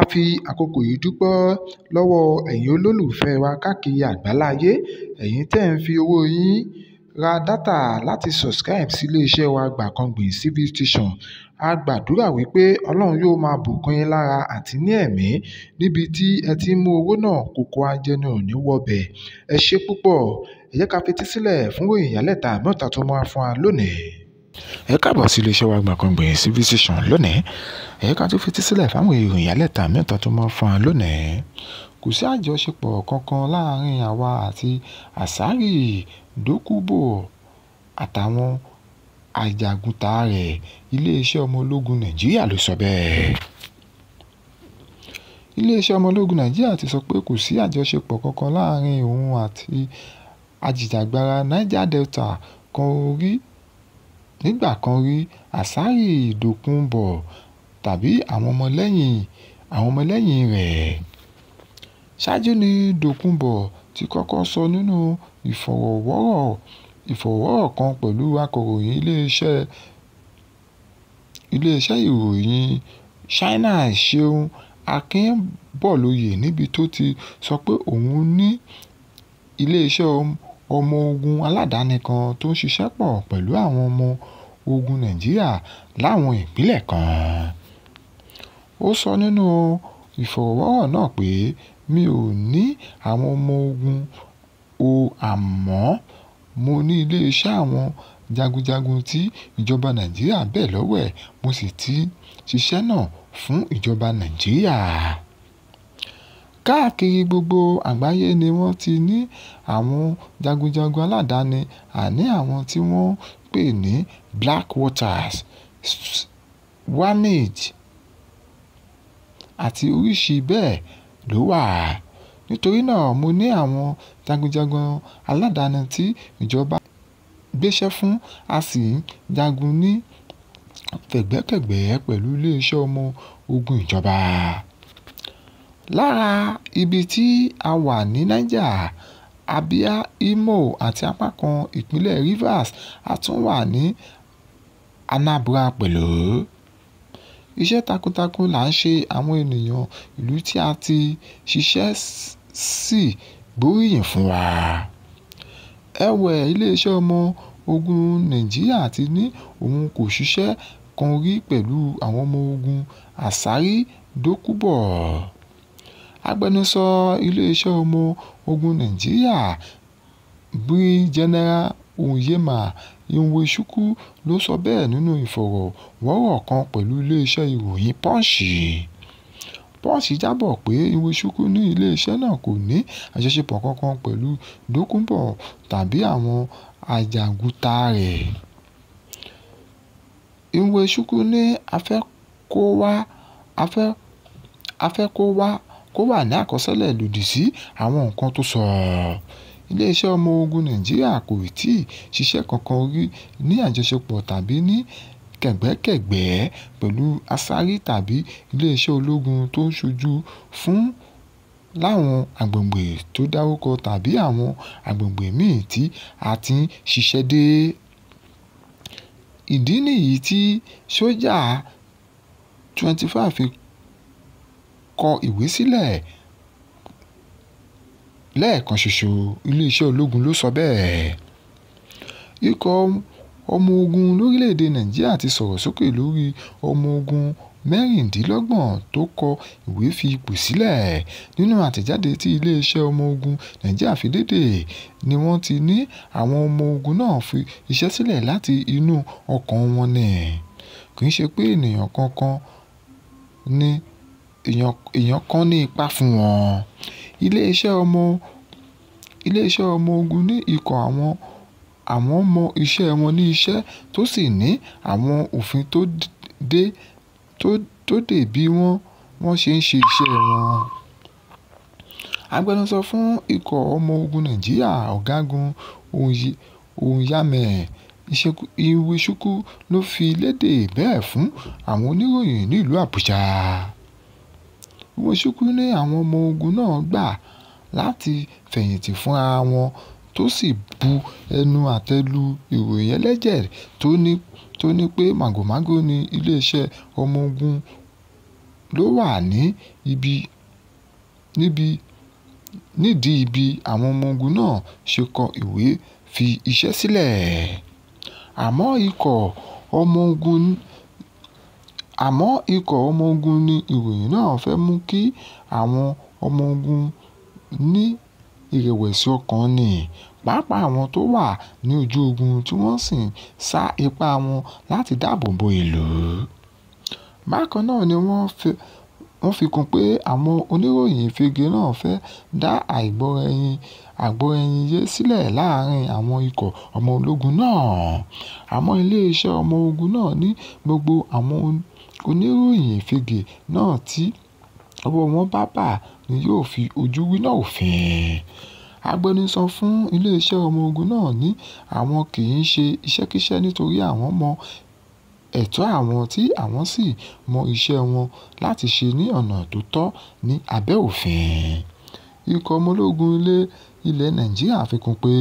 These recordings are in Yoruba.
a fi àkókò yìí dúpẹ́ lọ́wọ́ ẹ̀yin olólùfẹ́ wa káàkiri àgbáláyé ẹ̀yin tẹ́ ẹ̀ ń fi owó yín ra dátà láti subscribe sí iléeṣẹ́ wa Gbankanbi TV station a gbàdúrà wípé ọlọ́run yóò máa bùkún yín lára àti ní ẹ̀mí níbi tí ẹ ti ń mú owó náà kókó ajẹnu ò ní wọbẹ̀ ẹ ṣe púpọ̀ ẹ jẹ́ ká fetí sílẹ̀ fún ìròyìn ìyálẹ̀ta mẹ́ta tó máa fún wa lónìí ẹ káàbọ̀ sí iléeṣẹ́ wa Gbankangbìyàn civilization lónìí ẹ̀ka tó fetí sílẹ̀ fáwọn ìròyìn alẹ́ta mẹ́ta tó máa fún wa lónìí kò sí àjọṣepọ̀ kankan láàrin àwa àti Asari Dokubo àtàwọn ajàgúnta rẹ̀ iléeṣẹ́ ọmọ ológun Nàìjíríà ló sọ bẹ́ẹ̀ iléeṣẹ́ ọmọ ológun Nàìjíríà ti sọ pé kò sí àjọṣepọ̀ kankan láàrin òun àti ajìjàgbara Niger Delta kan orí Nígbà kan rí, Asari Dokubo tàbí àwọn ọmọlẹ́yìn rẹ̀. Ṣáájú ni Dokubo ti kọ́kọ́ sọ nínú ìfọ̀rọ̀wọ́rọ̀ kan pẹ̀lú akọ̀ròyìn ilé-iṣẹ́ ìròyìn China Ṣeun Akínbọ́lóye níbi tó ti sọ pé òun ní ilé-iṣẹ́ ọmọ ogun aládàáni kan tó ń ṣiṣẹ́ pọ̀ pẹ̀lú àwọn ọmọ ogun Nàìjíríà láwọn ìpínlẹ̀ kan. Ó sọ nínú ìfọ̀rọ̀wọ́rọ̀ náà pé “Mi ò ní àwọn ọmọ ogun o àmọ́ mo ní ilé iṣẹ́ àwọn jagunjagun tí ìjọba Nàìjíríà bẹ̀ lọ́wẹ̀ mo sì ti ṣiṣẹ́ náà fún ìjọba Nàìjíríà.” Káàkiri gbogbo àgbáyé ni wọ́n ti ní àwọn jagunjagun aládàáni àní àwọn tí wọ́n pè ní Blackwaters, Swamish àti oríṣi bẹ́ẹ̀ ló wà. Nítorí náà mo ní àwọn jagunjagun aládàáni tí ìjọba gbéṣẹ́ fún a sì ń jagun ní fẹ̀gbẹ́kẹ̀gbẹ́ pẹ̀lú ilé-iṣẹ́ ọmọ ogun ìjọba. Lára ibi tí a wà ní Niger Abia, Imo àti apá kan ìpínlẹ̀ Rivers a tún wà ní Anambra pẹ̀lú. Iṣẹ́ takuntakun là ń ṣe àwọn ènìyàn ìlú tí a ti ṣiṣẹ́ sì gbóríyìn fún wa. Ẹ̀wẹ̀, ilé Ọmọ Ogun Nàìjíríà ti ní òun kò ṣiṣẹ́ kan rí pẹ̀lú àwọn ọmọ ogun àsárí-dòkúbọ̀. Agbẹnusọ Iléeṣẹ́ Ọmọ Ogun Nàìjíríà Brigadier Onyema Iwuchukwu ló sọ bẹ́ẹ̀ nínú ìfọ̀rọ̀wọ́rọ̀ kan pẹ̀lú iléeṣẹ́ ìròyìn Punch. Punch jábọ̀ pé Iwuchukwu ní iléeṣẹ́ náà kò ní àjọṣepọ̀ kankan pẹ̀lú Dokunbo tàbí àwọn ajàgúnta rẹ̀. Iwuchukwu ní “A fẹ́ kó wà ní àkọsílẹ̀ lòdì sí àwọn nǹkan tó sọ. Ilé-iṣẹ́ ọmọ ogun Nàìjíríà kò tíì ṣiṣẹ́ kankan rí ní àjọṣepọ̀ tàbí ní kẹ́gbẹ́kẹ́gbẹ́ pẹ̀lú Aṣàrí tàbí ilé-iṣẹ́ ológun tó ń ṣojú fún láwọn agbègbè tó dárúkọ tàbí àwọn agbègbè míì tí a ti ń ṣiṣẹ́ dé. Ìdí nìyí tí Sọ́jà 25 fi kọ ìwé sílẹ̀ lẹ́ẹ̀kan ṣoṣo iléeṣẹ́ ológun ló sọ bẹ́ẹ̀. ikọ̀ ọmọ ogun lórílẹ̀‐èdè nàíjíríà ti sọ̀rọ̀ sókè lórí ọmọ ogun mẹ́rìndínlọ́gbọ̀n tó kọ ìwé fi ipò sílẹ̀ nínú àtẹ̀jáde tí iléeṣẹ́ ọmọ ogun nàíjíríà fi lédè ni wọ́n ti ní àwọn ọmọ ogun náà fi iṣẹ́ sílẹ̀ láti inú ọkàn wọn ni kì í ṣe pé ènìyàn kankan ni èèyàn kan ní ipa fún wọn. iléeṣẹ́ ọmọ iléeṣẹ́ ọmọ ogun ní ikọ̀ àwọn àwọn mọ iṣẹ́ wọn ní iṣẹ́ tó sì ní àwọn òfin tó dé tó dé bí wọ́n wọ́n ṣe ń ṣe iṣẹ́ wọn. agbẹnusọ fún ikọ̀ ọmọ ogun nàìjíríà ọ̀gágunOnyemaechi iwechukwu ló fi léde bẹ́ẹ̀ fún àwọn oníròyìn nílùú àbújá. Moshood ní àwọn ọmọ ogun náà gbà láti fẹ̀yìntì fúnra wọn tó sì bu ẹnu àtẹ́ lu ìròyìn ẹlẹ́jẹ̀ tó ní pé màgòmágó ní ilé-iṣẹ́ ọmọ ogun ló wà nídìí bí àwọn ọmọ ogun náà ṣe kọ ìwé fi iṣẹ́ sílẹ̀. Àmọ́ ikọ̀ ọmọ ogun Àmọ́ ikọ̀ ọmọ ogun ní ìròyìn náà fẹ́ mú kí àwọn ọmọ ogun ní ìrẹ̀wẹ̀sì ọkàn ni, pàápàá àwọn tó wà ní ojú ogun tí wọ́n sì ń sa ipá wọn láti dáàbò bo ìlú. Bákan náà ni wọ́n fi kún pé àwọn oníròyìn ìfege náà fẹ́ dá àìgbọ́raẹniyé sílẹ̀ láàrin àwọn ikọ̀ ọmọ ológun náà. Àmọ́ ilé ọmọ ogun náà ní gbogbo àwọn Oníròyìn ìfegè náà tí ọwọ́ wọn bá bà ní yóò fi ojú winá òfin. Agbẹnusọ fún ilé iṣẹ́ ọmọ ogun náà ní àwọn kì í ṣe iṣẹ́kíṣẹ́ nítorí àwọn mọ ẹ̀tọ́ àwọn tí àwọn sì mọ iṣẹ́ wọn láti ṣe ní ọ̀nà tó tọ́ ní abẹ́ òfin. Ikọ̀ ọmọ ológun ilẹ̀ Nàìjíríà fi kún pé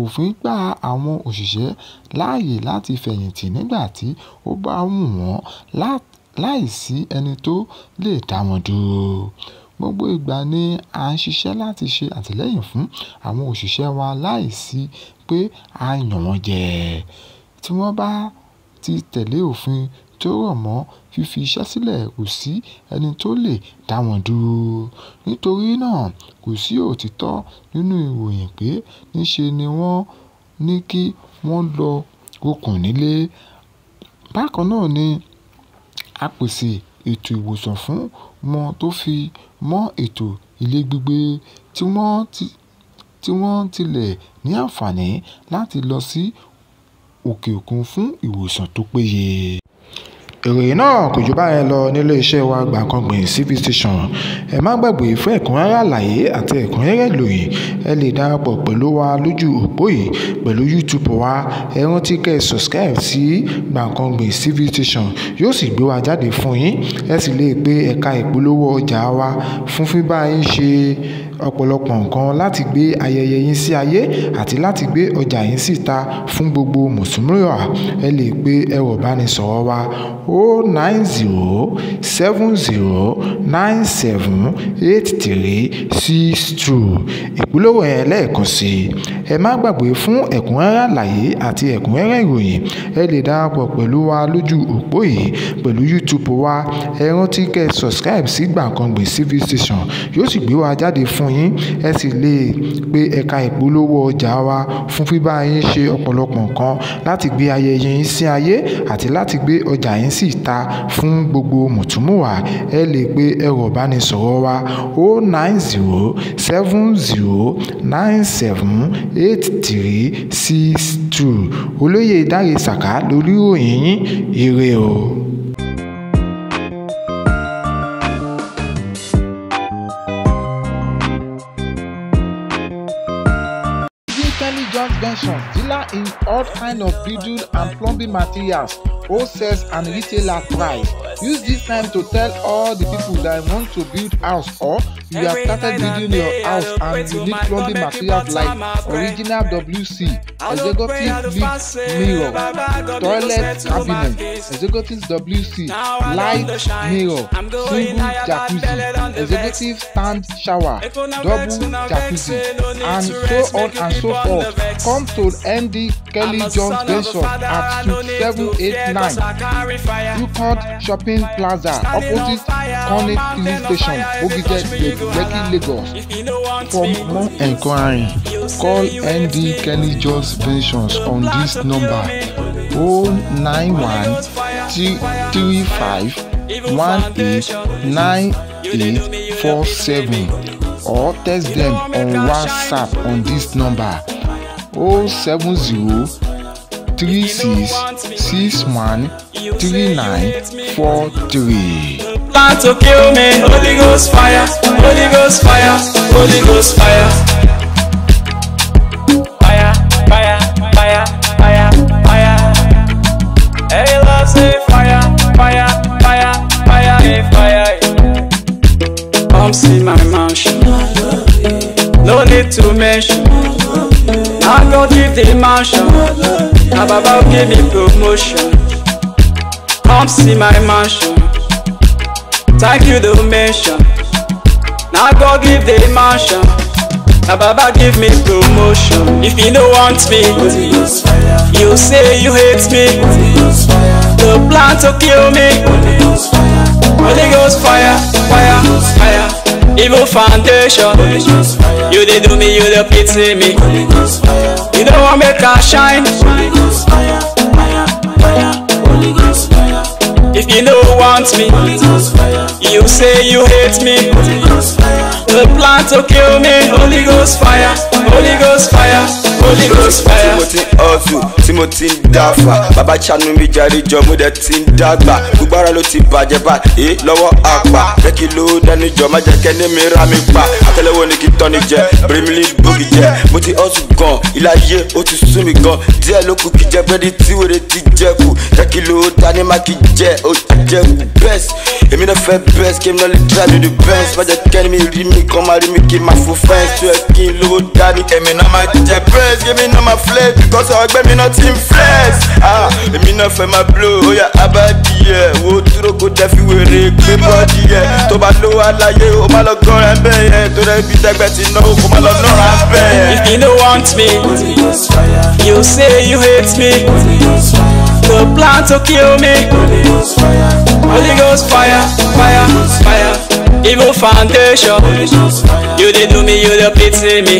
òfin gba àwọn òṣìṣẹ́ láàyè láti fẹ̀yìntì nígbà tí ó bá wù wọ́n láti láìsí ẹni tó lè dá wọn dúró. Gbogbo ìgbà ni à ń ṣiṣẹ́ láti ṣe àtìlẹ́yìn fún àwọn òṣìṣẹ́ wa láìsí pé à ń yàn wọ́n jẹ. Tí wọ́n bá ti tẹ̀lé òfin tó rọ̀ mọ́ fífi iṣẹ́ sílẹ̀, kò sí ẹni tó lè dá wọn dúró. Nítorí náà, kò sí òtítọ́ nínú ìròyìn pé níṣe ni wọ́n ní kí wọ́n lọ rokùn nílé. Bákan náà ni á pèsè ètò ìwòsàn fún wọn tó fi mọ́ ètò ilé-gbígbé tí wọ́n tilẹ̀ ní àǹfààní láti lọ sí òkè òkun fún ìwòsàn tó péye. Ìròyìn náà kò jù báyẹn lọ nílé iṣẹ́ wa Gbankanbi TV station ẹ má gbàgbé fún ẹ̀kúnrẹ́rẹ́ àlàyé àti ẹ̀kúnrẹ́rẹ́ ìròyìn ẹ lè darapọ̀ pẹ̀lú wa lójú òpó yìí pẹ̀lú YouTube wa ẹ rántí kẹ́ ẹ subscribe sí Gbankanbi TV station yóò sì gbé wa jáde fún yín ẹ sì lè pe ẹ̀ka ìpolówó ọjà wa fún fíbá yín ṣe ọ̀pọ̀lọpọ̀ nǹkan láti gbé ayẹyẹ yín sí ayé àti láti gbé ọjà yín síta fún gbogbo mùsùlùmí wa ẹ lè pe ẹ̀rọ ìbánisọ̀rọ̀ wa o oh nine zero seven zero nine seven eight three six two ìpolówó yẹn lẹ́ẹ̀kan sí i ẹ má gbàgbé fún ẹ̀kúnrẹ́rẹ́ àlàyé àti ẹ̀kúnrẹ́rẹ́ ìròyìn ẹ lè darapọ̀ pẹ̀lú wa lójú òpó yìí pẹ̀lú YouTube wa ẹ rántí kẹ́ ẹ subscribe sí Gbankanbi civil station yóò sì gbé wa jáde fún yín ẹ sì lè pe ẹ̀ka ìpolówó ọjà wa fún fíbá yín ṣe ọ̀pọ̀lọpọ̀ nǹkan láti gbé ayẹyẹ yín sí ayé àti láti gbé ọjà yín sí ìta fún gbogbo mùtúmùwà ẹ lè pe ẹ̀rọ ìbánisọ̀rọ̀ ẹ̀rọ wa o nine zero seven zero nine seven eight three six two olóyè dáre sàká lórí ìròyìn yín ire o. Attention, dealer in all kind of building and plumbing materials, wholesales and retailer price. Use this time to tell all the people that want to build house or you have started building your house and you need plumbing materials like original WC, executive lift mirror, toilet cabinet, executive WC, light mirror, single jacuzzi, executive stand shower, double jacuzzi, eh, and so on and so forth. Come to ND Kelly John Benson at 789 Newport Shopping Plaza opposite Connect Police Station, Ogige, Lagos. Lekki, Lagos. For more inquiry, call ND Kenny Jones Pensions on this number 091 35 189847 or text them on WhatsApp on this number 070 36 61 3943 want to kill me. Holy Ghost fire, Holy Ghost fire, Holy Ghost fire. Fire, fire, fire, fire, fire. Hey, love say fire, fire, fire, fire, fire. Pumps in my mansion. No need to mention. I go give the mansion. Now Baba give me promotion. Pumps in my mansion. Thank you the mission. Now go give the mansion. Now Baba give me promotion. If you don't want me, you say you hate me. The plan to kill me. Holy Ghost fire, fire, fire. Evil foundation. You they do me, you they pity me. You don't want me to shine. If you don't want me. You say you hate me. The plan to kill me, Holy Ghost fire, Holy Ghost fire, Holy Ghost fire. Timothy Ozu, Timothy Dafa, Baba Chanu mi jari jọ mo dẹ̀ ti ń dàgbà. Gbogbo ara ti bàjẹ́ bá e lọ́wọ́ àpà. Jẹ́ lo ló joma jọ, má jẹ́ kẹ́ni mi ra mi pa. Àtẹ́lẹwọ́ ni kí tọ́ni jẹ, Brimley Boogie jẹ. Mo ti Ozu gan, ilé ayé ó ti sún mi gan. Díẹ̀ ló kù kí jẹ bẹ́ẹ̀ni tí wèrè ti jẹ kù. Jẹ́ kí ló dání má kí jẹ, ó jẹ best. Èmi náà fẹ́ best, kí èmi náà lè try to do the best. Má jẹ́ kẹ́ni mi rí mi me, come marry me, keep my full friends to a king, low daddy. Give me not my DJ press, give me not my flex, because I gbẹ mi not in flex. Ah, èmi náà fẹ́ máa blow, Oh yà abadìyẹ, wo dúró kó jẹ́ fi wèrè gbé bọ́ọ̀dì yẹ. Tó bá lówó aláyé, ó má lọ gọ́ra ń bẹ̀ yẹ, tó rẹ̀ ibi tẹ́gbẹ́ ti náwó, kó má lọ nọ́ra ń bẹ̀ If you don't want me, you say you hate me, the plan to kill me, Holy Ghost fire, fire, fire. evil foundation. You did do me, you did pity me.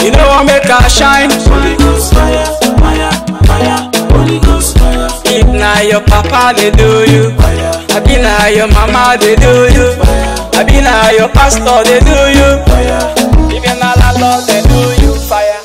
You know I make her shine. If now your papa they do you, I be now your mama they do you, I be now your pastor they do you, even Lord they do you fire.